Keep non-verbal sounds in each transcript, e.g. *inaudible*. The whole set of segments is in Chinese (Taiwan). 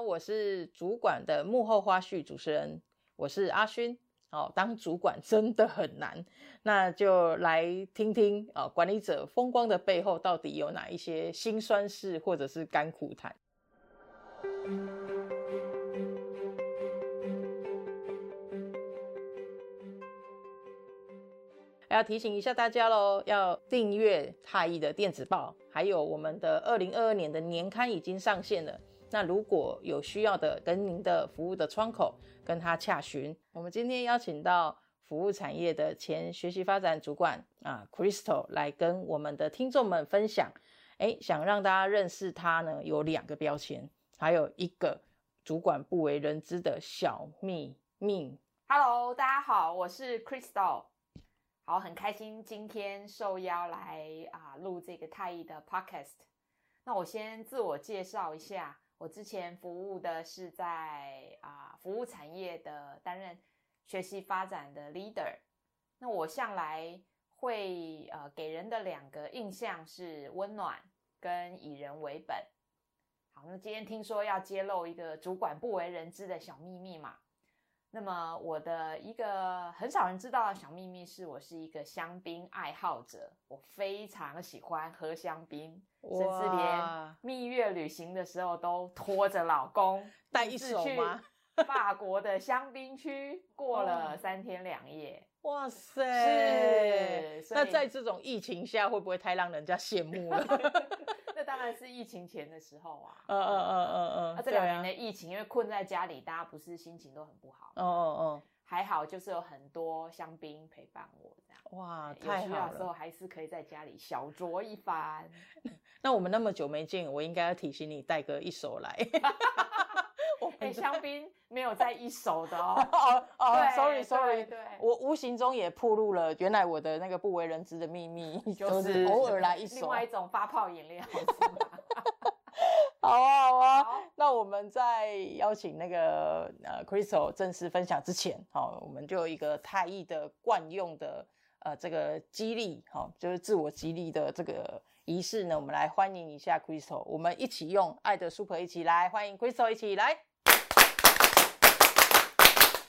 我是主管的幕後花絮主持人，我是阿勛。哦，當主管真的很難，那就來聽聽啊、哦，管理者風光的背後到底有哪一些辛酸事，或者是甘苦談？ *music* 要提醒一下大家嘍，要訂閱太一的電子報，還有我們的二零二二年的年刊已經上線了。那如果有需要的，跟您的服務的窗口跟他洽詢。我們今天邀請到服務產業的前學習發展主管啊，Crystal 來跟我們的聽眾們分享。哎，想讓大家認識他呢，有兩個標籤，還有一個主管不為人知的小秘密。Hello，大家好，我是 Crystal。好，很開心今天受邀來啊錄這個太毅的 Podcast。那我先自我介紹一下。我之前服務的是在啊、呃、服務產業的，擔任學習發展的 leader。那我向來會呃給人的兩個印象是溫暖跟以人為本。好，那今天聽說要揭露一個主管不為人知的小秘密嘛？那麼我的一個很少人知道的小秘密是，我是一個香檳愛好者，我非常喜歡喝香檳，甚至連蜜月旅行的時候都拖着老公帶一， *laughs* 一次去法國的香檳區過了三天兩夜。哦。哇塞，是對對對對！那在這種疫情下，會不會太讓人家羨慕了？ *laughs* 那當然是疫情前的時候啊！嗯嗯嗯嗯嗯。那、嗯嗯啊、這兩年的疫情，啊，因為困在家裡，大家不是心情都很不好。哦、嗯、哦。還好，就是有很多香檳陪伴我。哇，太好了！有需要的時候還是可以在家裡小酌一番。那我們那麼久沒見，我應該要提醒你帶個一手來。 *laughs* 誒、欸，香檳沒有在一手的哦哦、。 *laughs* 啊啊、Sorry Sorry，我無形中也暴露了原來我的那個不為人知的秘密，就是偶爾來一次。 *laughs* 另外一種發泡飲料， *laughs* 是嗎？ *laughs* 好啊好啊好，那我們在邀請那個呃 Crystal 正式分享之前，好、哦，我們就有一個太毅的慣用的呃這個激勵，好、哦，就是自我激勵的這個儀式呢，我們來歡迎一下 Crystal，我們一起用愛的 Super 一起來歡迎 Crystal，一起來。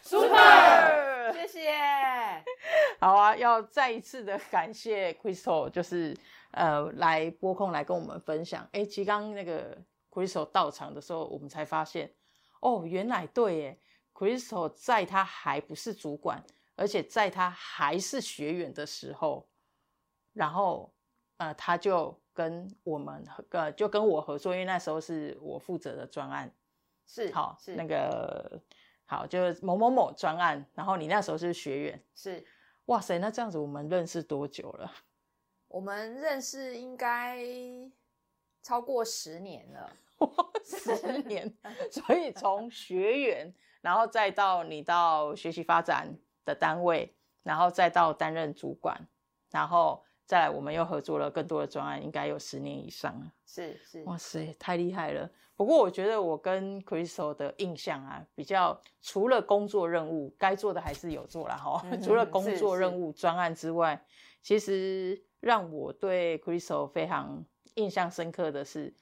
Super，謝謝。 *laughs* 好啊，要再一次的感謝 Crystal，就是呃，來撥空來跟我們分享。哎，其實剛那個 Crystal 到場的時候，我們才發現哦，原來對耶，Crystal 在他還不是主管，而且在他還是學員的時候，然後呃，他就跟我們呃，就跟我合作，因為那時候是我負責的專案，是好是那個。好，就是某某某專案，然後你那時候是學員，是，哇塞，那這樣子我們認識多久了？我們認識應該超過十年了，十 *laughs* 十年， *laughs* 所以從學員，然後再到你到學習發展的單位，然後再到擔任主管，然後。再來，我們又合作了更多的專案，應該有十年以上了。是、是，哇塞，太厲害了！不過我覺得我跟 Crystal 的印象啊，比較除了工作任務該做的還是有做啦齁，嗯。除了工作任務專案之外，其實讓我對 Crystal 非常印象深刻的是，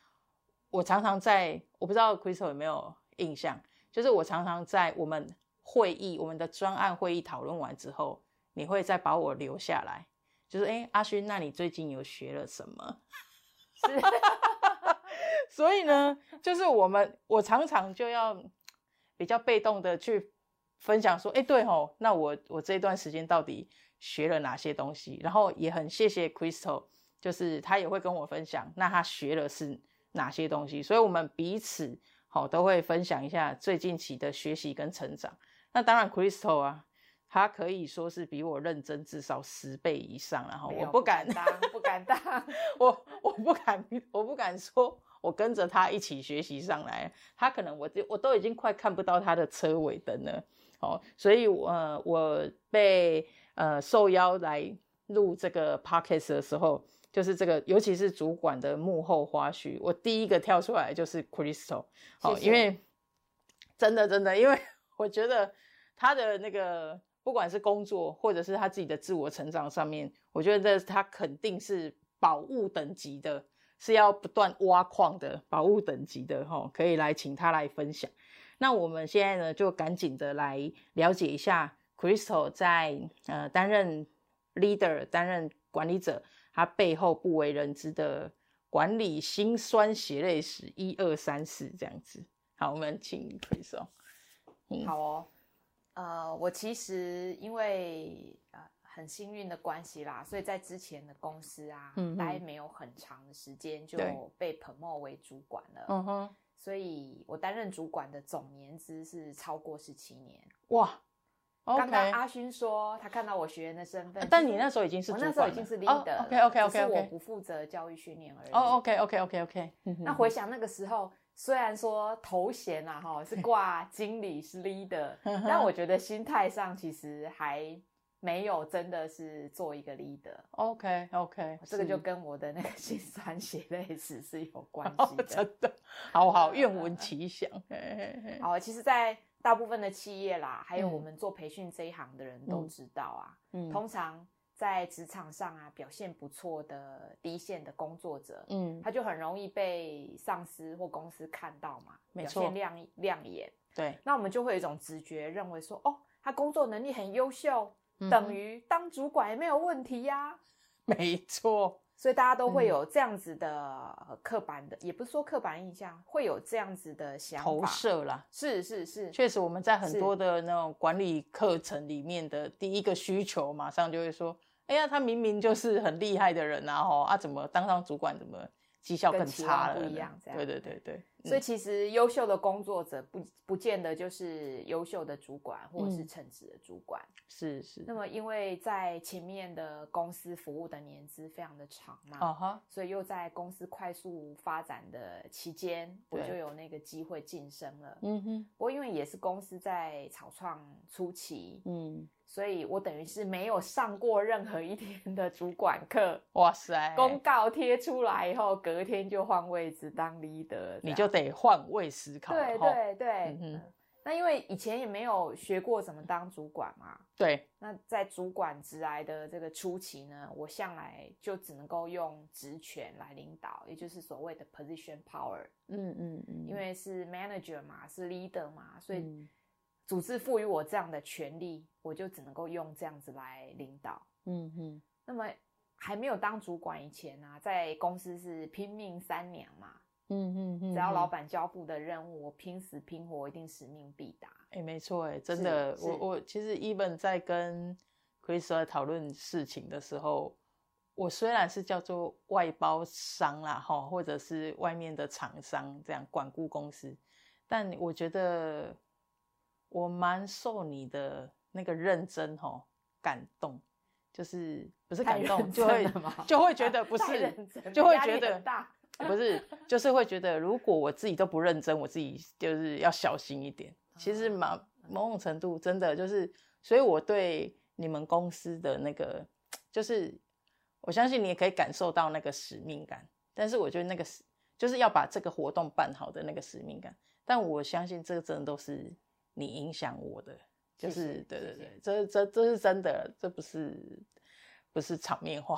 我常常在，我不知道 Crystal 有沒有印象，就是我常常在我們會議、我們的專案會議討論完之後，你會再把我留下來。就是哎、欸，阿勳，那你最近有學了什麼？ *laughs* 是 *laughs* 所以呢，就是我們我常常就要比較被動的去分享說，說、欸、哎，對吼，那我我這一段時間到底學了哪些東西？然後也很謝謝 Crystal，就是他也會跟我分享，那他學了是哪些東西？所以我們彼此好都會分享一下最近期的學習跟成長。那當然，Crystal 啊，他可以說是比我認真至少十倍以上，然後我不敢，不敢當，不敢當， *laughs* 我我不敢，我不敢說，我跟着他一起學習上來，他可能我我都已經快看不到他的車尾燈了，哦，所以，我、呃、我被呃受邀來錄這個 Podcast 的時候，就是這個，尤其是主管的幕後花絮，我第一個跳出來就是 Crystal，謝謝哦，因為真的真的，因為我覺得他的那個。不管是工作，或者是他自己的自我成長上面，我覺得這，他肯定是寶物等級的，是要不斷挖礦的寶物等級的齁，可以來請他來分享。那我們現在呢，就趕緊的來了解一下 Crystal 在呃擔任 leader、擔任管理者，他背後不為人知的管理心酸血淚史一二三四這樣子。好，我們請 Crystal、嗯。好哦。呃，我其實因為呃很幸運的關係啦，所以在之前的公司啊，待、嗯、沒有很長的時間，就被 promote 為主管了。嗯哼，所以我擔任主管的總年資是超過十七年。哇，剛剛阿勳說他看到我學員的身份、就是，但你那時候已經是主管了，我那時候已經是 leader、oh, OK OK OK, okay. 我不負責教育訓練而已。哦、oh, okay, OK OK OK OK，那回想那個時候。雖然說頭銜啊，哈是掛經理是 leader， *laughs* 但我覺得心態上其實還沒有真的是做一個 leader。OK OK，這個就跟我的那個心酸血淚史是有關係的，真的。好好，願聞其詳。好， *laughs* 好，其實，在大部分的企業啦，還有我們做培訓這一行的人都知道啊，嗯嗯、通常。在職場上啊，表現不錯的低線的工作者，嗯，他就很容易被上司或公司看到嘛，沒錯，表現亮亮眼，對，那我們就會有一種直覺認為說，哦，他工作能力很優秀，嗯、等於當主管也沒有問題呀、啊，沒錯，所以大家都會有這樣子的刻板的、嗯，也不是說刻板印象，會有這樣子的想法，投射啦。是是是，確實我們在很多的那種管理課程裡面的第一個需求，馬上就會說。哎呀，他明明就是很厲害的人啊，然後啊，怎麼當上主管怎麼績效更差了？對對對對。所以其實優秀的工作者不不見得就是優秀的主管或者是稱職的主管，嗯、是是。那麼因為在前面的公司服務的年資非常的長嘛，哦哈。所以又在公司快速發展的期間，我就有那個機會晉升了。嗯哼。不過因為也是公司在草創初期，嗯，所以我等於是沒有上過任何一天的主管課。哇塞！公告貼出來以後，隔天就換位置當 leader，你就。得換位思考。對對對、嗯呃，那因為以前也沒有學過怎麼當主管嘛。對，那在主管職來的這個初期呢，我向來就只能夠用職權來領導，也就是所謂的 position power。嗯嗯嗯，因為是 manager 嘛，是 leader 嘛，所以組織賦予我這樣的權利，嗯、我就只能夠用這樣子來領導。嗯嗯，那麼還沒有當主管以前呢、啊，在公司是拼命三娘嘛。嗯嗯嗯，只要老闆交付的任務，我拼死拼活，我一定使命必達。哎、欸，沒錯，哎，真的，我我其實 even 在跟 Chris 在討論事情的時候，我雖然是叫做外包商啦，或者是外面的廠商這樣管顧公司，但我覺得我蠻受你的那個認真哦，感動，就是不是感動，就會就會覺得不是，就會覺得，、啊、就會覺得很大。 *laughs* 不是，就是會覺得，如果我自己都不認真，我自己就是要小心一點。其實嘛，某種程度真的就是，所以我對你們公司的那個，就是我相信你也可以感受到那個使命感。但是我覺得那個是，就是要把這個活動辦好的那個使命感。但我相信這個真的都是你影響我的，就是對對對，謝謝這這這是真的，這不是不是場面話。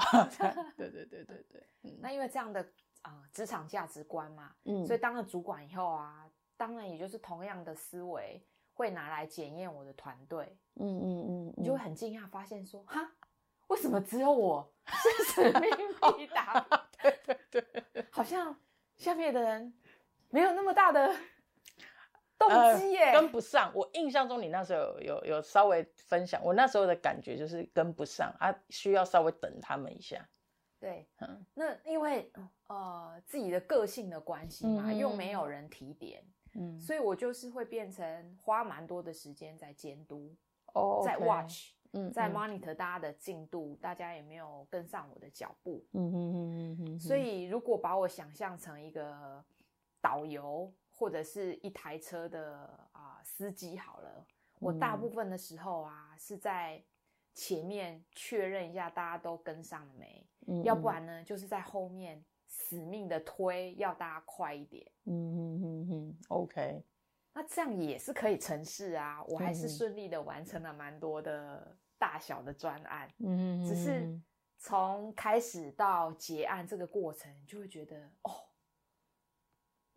對對對對對。嗯、 *laughs* 那因為這樣的。啊、呃，職場價值觀嘛，嗯，所以當了主管以後啊，當然也就是同樣的思維會拿來檢驗我的團隊，嗯嗯嗯，你、嗯、就會很驚訝發現說，哈，為什麼只有我生死未卜？對對對，好像下面的人沒有那麼大的動機耶、欸啊，跟不上。我印象中你那時候有有有稍微分享，我那時候的感覺就是跟不上，啊，需要稍微等他們一下。對，那因為呃自己的個性的關係嘛，又沒有人提點，嗯，所以我就是會變成花蠻多的時間在監督，哦，在 watch，嗯，在 monitor 大家的進度，嗯，大家也沒有跟上我的腳步。嗯，嗯，嗯，所以如果把我想象成一個導遊或者是一台車的，呃，司機好了，我大部分的時候啊是在前面確認一下大家都跟上了沒。嗯嗯，要不然呢，就是在後面死命的推，要大家快一點。嗯嗯嗯嗯，OK，那這樣也是可以成事啊。我還是順利的完成了蠻多的大小的專案。嗯嗯，只是從開始到結案這個過程，就會覺得哦。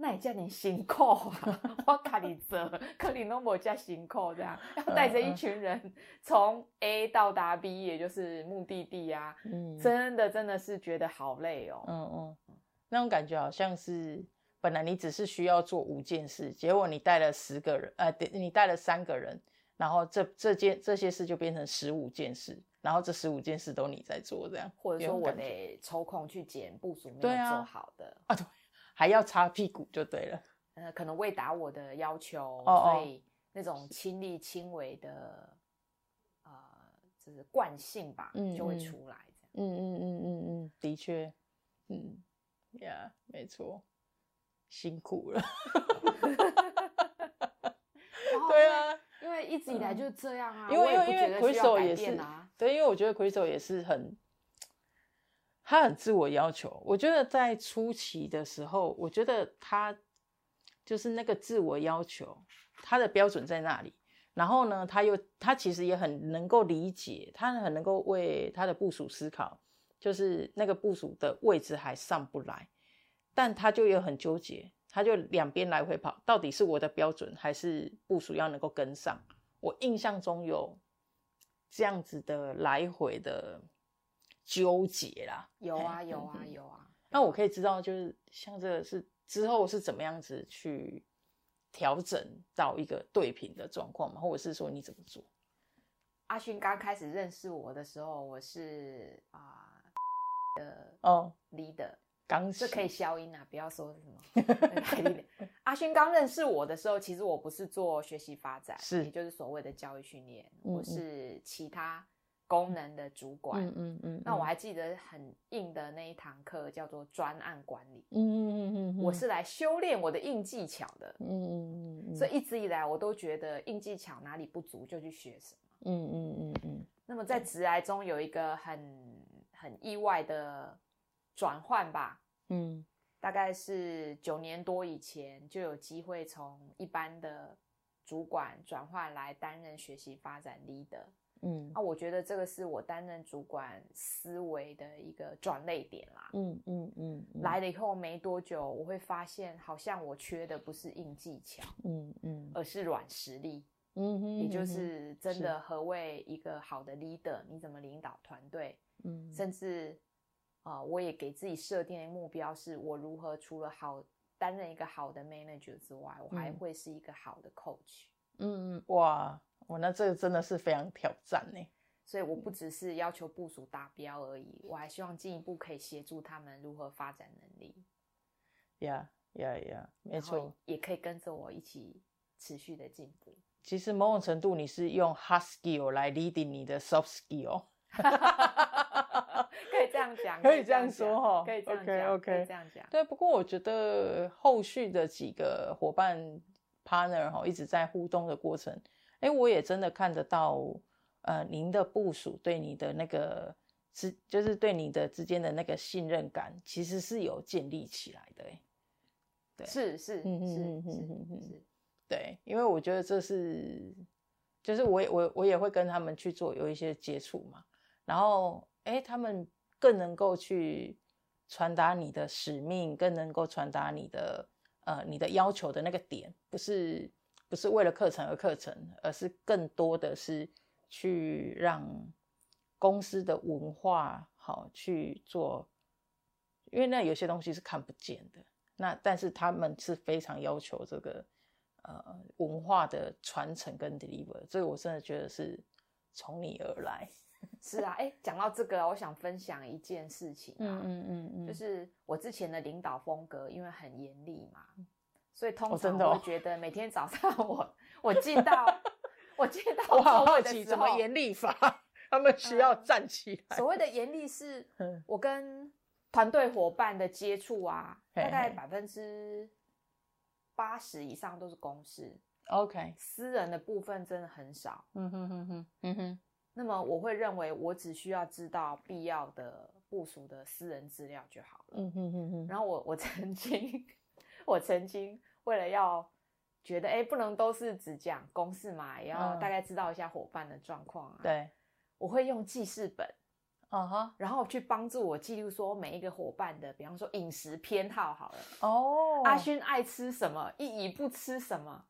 那也加點辛苦啊！ *laughs* 我自己做，可你那麼加辛苦這樣，要帶着一群人從 A 到達 B，也就是目的地啊、嗯！真的真的是覺得好累哦、喔。嗯嗯，那種感覺好像是本來你只是需要做五件事，結果你帶了十個人，呃，你帶了三個人，然後這這件這些事就變成十五件事，然後這十五件事都你在做這樣，或者說我得抽空去檢部署沒有做好的啊？對、啊。還要擦屁股就對了。呃，可能未達我的要求，哦哦，所以那種親力親為的，呃，就是慣性吧、嗯，就會出來。嗯嗯嗯嗯嗯，的確，嗯，呀、Yeah，沒錯，辛苦了 *laughs* *laughs* *laughs* 對啊，因為一直以來就這樣啊。因為因為魁手也，啊、也是，對，因為我覺得魁手也是很。他很自我要求，我覺得在初期的時候，我覺得他就是那個自我要求，他的標準在那裡。然後呢，他又他其實也很能夠理解，他很能夠為他的部屬思考，就是那個部屬的位置還上不來，但他就也很糾結，他就兩邊來回跑，到底是我的標準還是部屬要能夠跟上？我印象中有這樣子的來回的。糾結啦，有啊有啊、嗯、有，啊，有，啊有啊。那我可以知道，就是像這個是之後是怎麼樣子去調整到一個對頻的狀況嘛，或者是說你怎麼做？阿勳剛開始認識我的時候，我是啊、呃、的哦、oh, leader，剛是可以消音啊，不要說什麼。阿勳剛認識我的時候，其實我不是做學習發展，是也就是所謂的教育訓練、嗯，我是其他。功能的主管，嗯嗯，嗯，那我還記得很硬的那一堂課叫做專案管理，嗯嗯嗯嗯，嗯，我是來修煉我的硬技巧的，嗯嗯嗯，嗯，所以一直以來我都覺得硬技巧哪裡不足就去學什麼，嗯嗯嗯嗯。那麼在職涯中有一個很很意外的轉換吧，嗯，大概是九年多以前就有機會從一般的主管轉換來擔任學習發展 leader。嗯，啊，我覺得這個是我擔任主管思維的一個轉捩點啦。嗯嗯嗯，嗯，來了以後沒多久，我會發現好像我缺的不是硬技巧，嗯嗯，而是軟實力。嗯哼，也就是真的何謂一個好的 leader，你怎麼領導團隊？嗯，甚至啊、呃，我也給自己設定的目標，是我如何除了好擔任一個好的 manager 之外，我還會是一個好的 coach。嗯嗯，哇。我、哦、那這個真的是非常挑戰呢，所以我不只是要求部署達標而已，我還希望進一步可以協助他們如何發展能力。Yeah, yeah, yeah，沒錯，也可以跟着我一起持續的進步。其實某種程度，你是用 hard skill 來 leading 你的 soft skill， *laughs* *laughs* 可以這樣講，可以這樣講， *laughs* 可以這樣說哈，可以這樣講，okay, okay. 可以這樣講。對，不過我覺得後續的幾個伙伴 partner 哈，一直在互動的過程。哎、欸，我也真的看得到，呃，您的部屬對你的那個是，就是對你的之間的那個信任感，其實是有建立起來的、欸。哎，對，是是，嗯嗯嗯嗯嗯嗯，對，因為我覺得這是，就是我我我也會跟他們去做有一些接觸嘛，然後哎、欸，他們更能夠去傳達你的使命，更能夠傳達你的呃你的要求的那個點，不是。不是為了課程而課程，而是更多的是去讓公司的文化好去做，因為那有些東西是看不見的。那但是他們是非常要求這個呃文化的傳承跟 deliver，所以我真的覺得是從你而來。是啊，哎、欸，講到這個， *laughs* 我想分享一件事情啊，嗯嗯，嗯嗯，就是我之前的領導風格因為很嚴厲嘛。所以通常我會覺得每天早上我、oh, 哦、我進到 *laughs* 我進到，我好好奇什麼嚴厲法，他們需要站起來。嗯、所謂的嚴厲是， *laughs* 我跟團隊伙伴的接觸啊， *laughs* 大概百分之八十以上都是公事。 *laughs* OK，私人的部分真的很少。嗯哼哼哼，嗯哼。那麼我會認為我只需要知道必要的部署的私人資料就好了。嗯哼哼哼。然後我我曾經。我曾經為了要覺得哎，不能都是只講公事嘛，也要大概知道一下伙伴的狀況、啊嗯。對，我會用記事本，uh -huh. 然後去幫助我記錄說每一個伙伴的，比方說飲食偏好好了。哦、oh.，阿勳愛吃什麼，一怡不吃什麼。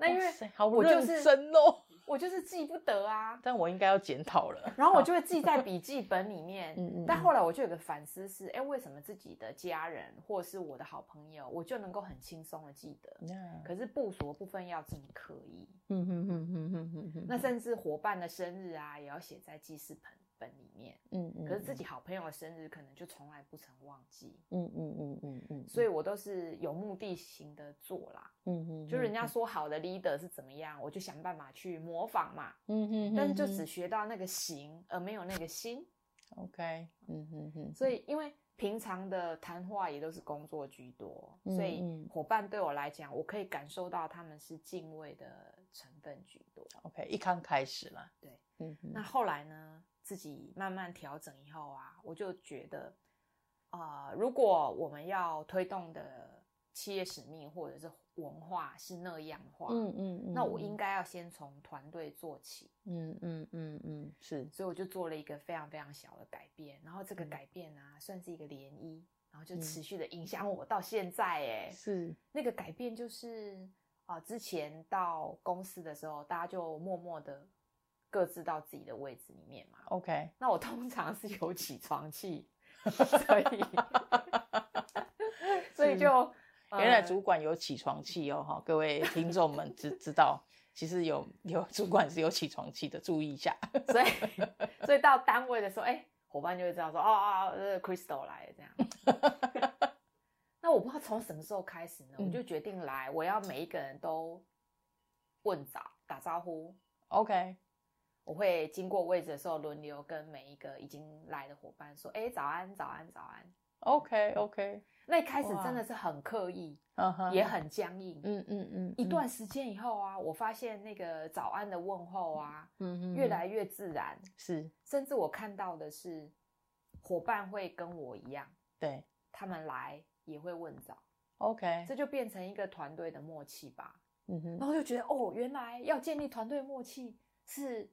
那因為我就是、oh, 好認真哦。我就是記不得啊，但我應該要檢討了。然後我就會記在筆記本裡面。 *laughs* 但後來我就有個反思是，哎、欸，為什麼自己的家人或者是我的好朋友，我就能夠很輕鬆的記得？Yeah. 可是部屬的部分要這麼刻意。 *laughs* 那甚至夥伴的生日啊，也要寫在記事本。本裡面，嗯 *noise* 嗯，可是自己好朋友的生日可能就從來不曾忘記，嗯嗯嗯嗯嗯，所以我都是有目的性的做啦， *noise* 嗯嗯，就是人家說好的 leader 是怎麼樣，我就想辦法去模仿嘛，嗯嗯， *noise* 但是就只學到那個形，而沒有那個心，OK，嗯，所以因為平常的談話也都是工作居多，所以夥伴對我來講，我可以感受到他們是敬畏的成分居多，OK，一康開始了，對，嗯，那後來呢？自己慢慢調整以後啊，我就覺得，啊、呃，如果我們要推動的企業使命或者是文化是那樣的話，嗯嗯，嗯，那我應該要先從團隊做起，嗯嗯嗯嗯，是，所以我就做了一個非常非常小的改變，然後這個改變啊，嗯、算是一個漣漪，然後就持續的影響我到現在，欸，哎、嗯，是，那個改變就是啊、呃，之前到公司的時候，大家就默默的。各自到自己的位置裡面嘛。OK，那我通常是有起床氣， *laughs* 所以 *laughs* 所以就原來主管有起床氣哦， *laughs* 哦，各位聽眾們知知道，其實有有主管是有起床氣的， *laughs* 注意一下。所以所以到單位的時候，哎、欸，伙伴就會知道說，哦哦，Crystal、哦、來了這樣。 *laughs* 那我不知道從什麼時候開始呢、嗯？我就決定來，我要每一個人都問早打招呼，OK。我會經過位置的時候，輪流跟每一個已經來的夥伴說：“哎、欸，早安，早安，早安。” OK，OK。那一開始真的是很刻意，wow. uh-huh. 也很僵硬，嗯嗯嗯，嗯。一段時間以後啊，我發現那個早安的問候啊、嗯，越來越自然，是。甚至我看到的是，夥伴會跟我一樣，對，他們來也會問早，OK，這就變成一個團隊的默契吧、嗯，然後就覺得，哦，原來要建立團隊默契是。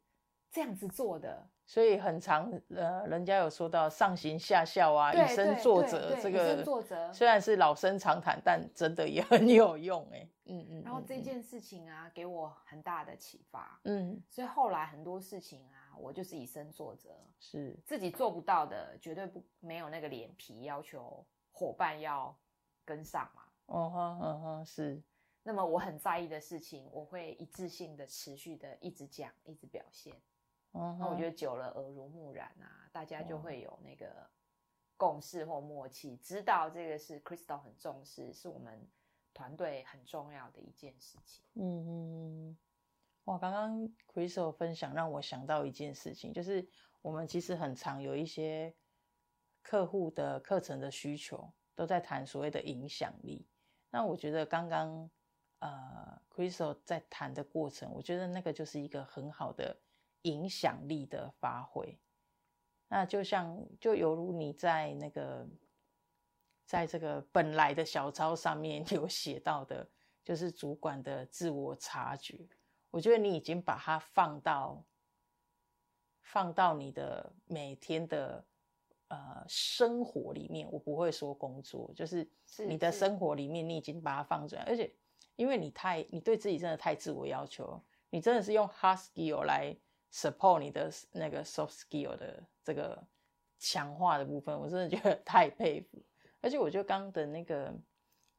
這樣子做的，所以很常，呃，人家有說到上行下效啊，以身作則。這個以身作則雖然是老生常談，但真的也很有用哎。嗯嗯。然後這件事情啊，給我很大的啟發。嗯。所以後來很多事情啊，我就是以身作則，是自己做不到的，絕對不沒有那個臉皮要求夥伴要跟上嘛。哦，哼嗯哼。是。那麼我很在意的事情，我會一致性地持續地一直講，一直表現。那 *noise* 我覺得久了耳濡目染啊，大家就會有那個共識或默契，知道這個是 Crystal 很重視，是我們團隊很重要的一件事情。嗯，嗯哇，剛剛 Crystal 分享讓我想到一件事情，就是我們其實很常有一些客戶的課程的需求都在談所謂的影響力。那我覺得剛剛呃 Crystal 在談的過程，我覺得那個就是一個很好的。影響力的發揮，那就像就猶如你在那個，在這個本來的小抄上面有寫到的，就是主管的自我察覺。我覺得你已經把它放到放到你的每天的呃生活裡面，我不會說工作，就是你的生活裡面，你已經把它放出來，而且因為你太，你對自己真的太自我要求，你真的是用 husky 來 support 你的那個 soft skill 的這個強化的部分，我真的覺得太佩服。而且我覺得剛的那個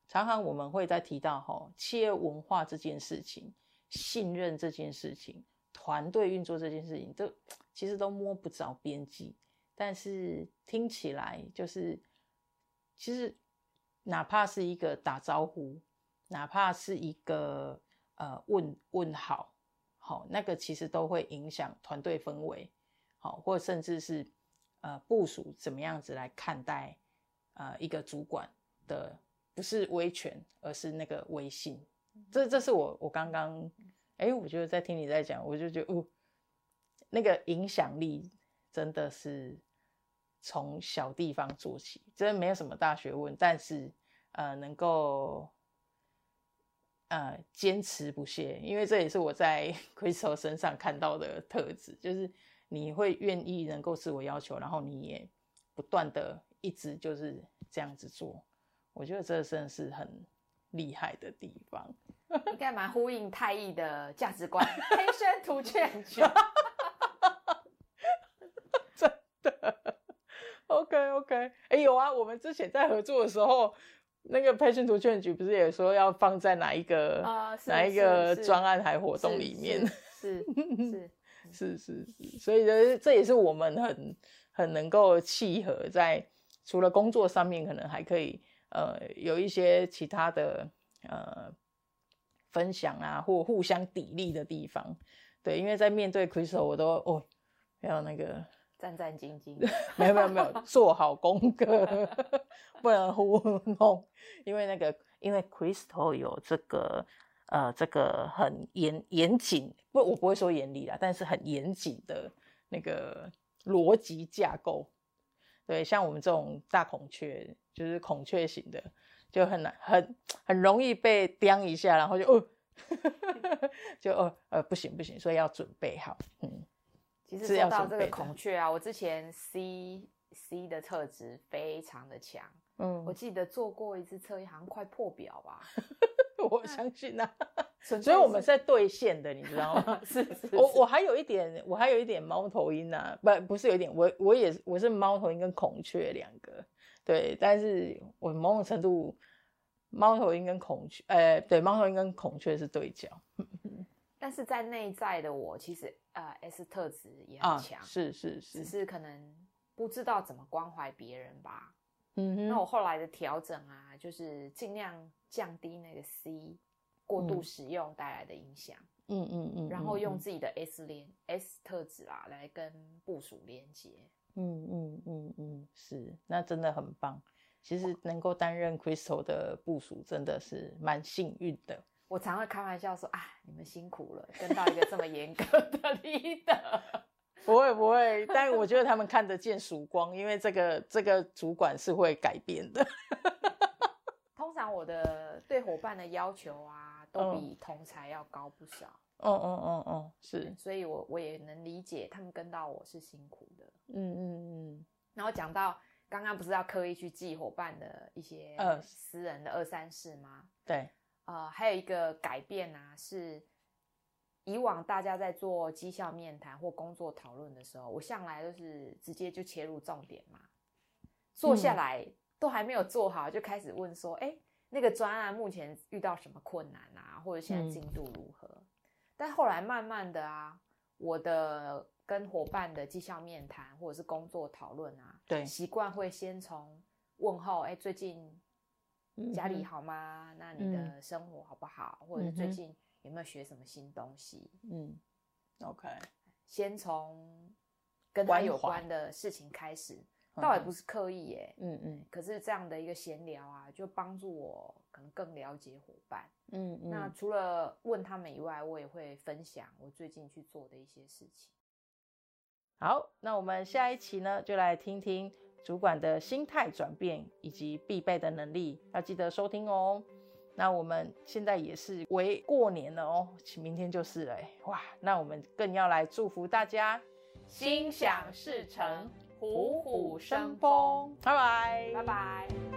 常常我們會再提到哈、喔，企業文化這件事情、信任這件事情、團隊運作這件事情，都其實都摸不着邊際，但是聽起來就是，其實哪怕是一個打招呼，哪怕是一個呃問問好。好，那個其實都會影響團隊氛圍，好，或甚至是、呃、部屬怎麼樣子來看待、呃、一個主管的，不是威權，而是那個威信。這這是我我剛剛哎，我覺得、欸、我就在聽你在講，我就覺得哦，那個影響力真的是從小地方做起，真的沒有什麼大學問，但是、呃、能夠。呃，堅持不懈，因為這也是我在 Crystal 身上看到的特質，就是你會願意能夠自我要求，然後你也不斷的一直就是這樣子做，我覺得這真的是很厲害的地方。你幹嘛呼應太毅的價值觀？黑圖卷真的？OK OK，哎、欸，有啊，我們之前在合作的時候。那個培訓圖卷局不是也說要放在哪一個、uh, 哪一個專案還活動裡面？是是是是，所以、就是、這也是我們很很能夠契合在除了工作上面，可能還可以呃有一些其他的呃分享啊，或互相砥礪的地方。對，因為在面對 Crystal 我都哦要那個。戰戰兢兢 *laughs* 沒，沒有沒有沒有，做好功課，不能糊弄，因為那個，因為 Crystal 有這個，呃，這個很嚴嚴謹，不，我不會說嚴厲啦，但是很嚴謹的那個邏輯架構。對，像我們這種大孔雀，就是孔雀型的，就很難，很很容易被刁一下，然後就哦， *laughs* 就哦呃，不行不行，所以要準備好，嗯。其實說到這個孔雀啊，我之前 C C 的特質非常的強，嗯，我記得做過一次測驗，好像快破表吧， *laughs* 我相信啊，所以我們是在對線的，嗯，你知道嗎？ *laughs* 是，是，是，是，我我還有一點，我還有一點貓頭鷹呢，啊，不，不是有一點，我我也是我是貓頭鷹跟孔雀兩個，對，但是我某種程度貓頭鷹跟孔雀，呃、欸，對，貓頭鷹跟孔雀是對角。 *laughs* 但是在內在的我，其實呃 S 特質也很強，啊、是是是，只是可能不知道怎麼關懷別人吧。嗯哼，那我後來的調整啊，就是盡量降低那個 C 過度使用帶來的影響。嗯嗯嗯，然後用自己的 S 聯、嗯嗯嗯嗯、S 特質啊，來跟部署連接。嗯嗯嗯嗯，是，那真的很棒。其實能夠擔任 Crystal 的部署，真的是蠻幸運的。我常會開玩笑說：“啊，你們辛苦了，跟到一個這麼嚴格的 leader， *laughs* *laughs* 不會不會，但我覺得他們看得見曙光，因為這個這個主管是會改變的。 *laughs* ”通常我的對夥伴的要求啊，都比同儕要高不少。哦哦哦哦，是，嗯、所以我我也能理解他們跟到我是辛苦的。嗯嗯嗯。然後講到剛剛不是要刻意去記夥伴的一些呃私人的二三事嗎？嗯、對。啊、呃，還有一個改變呢、啊，是以往大家在做績效面談或工作討論的時候，我向來都是直接就切入重點嘛，坐下來、嗯、都還沒有做好就開始問說，哎、欸，那個專案目前遇到什麼困難啊，或者現在進度如何、嗯？但後來慢慢的啊，我的跟伙伴的績效面談或者是工作討論啊，對，習慣會先從問候，哎、欸，最近。家裡好嗎？那你的生活好不好、嗯？或者最近有沒有學什麼新東西？嗯，OK、嗯、先從跟他有關的事情開始，倒也不是刻意耶、欸。嗯嗯，可是這樣的一個閒聊啊，就幫助我可能更了解夥伴。嗯嗯，那除了問他們以外，我也會分享我最近去做的一些事情。好，那我們下一期呢，就來聽聽。主管的心態轉變以及必備的能力，要記得收聽哦。那我們現在也是為過年了哦，明天就是了哇。那我們更要來祝福大家心想事成，虎虎生風。拜拜，拜拜。Bye bye bye bye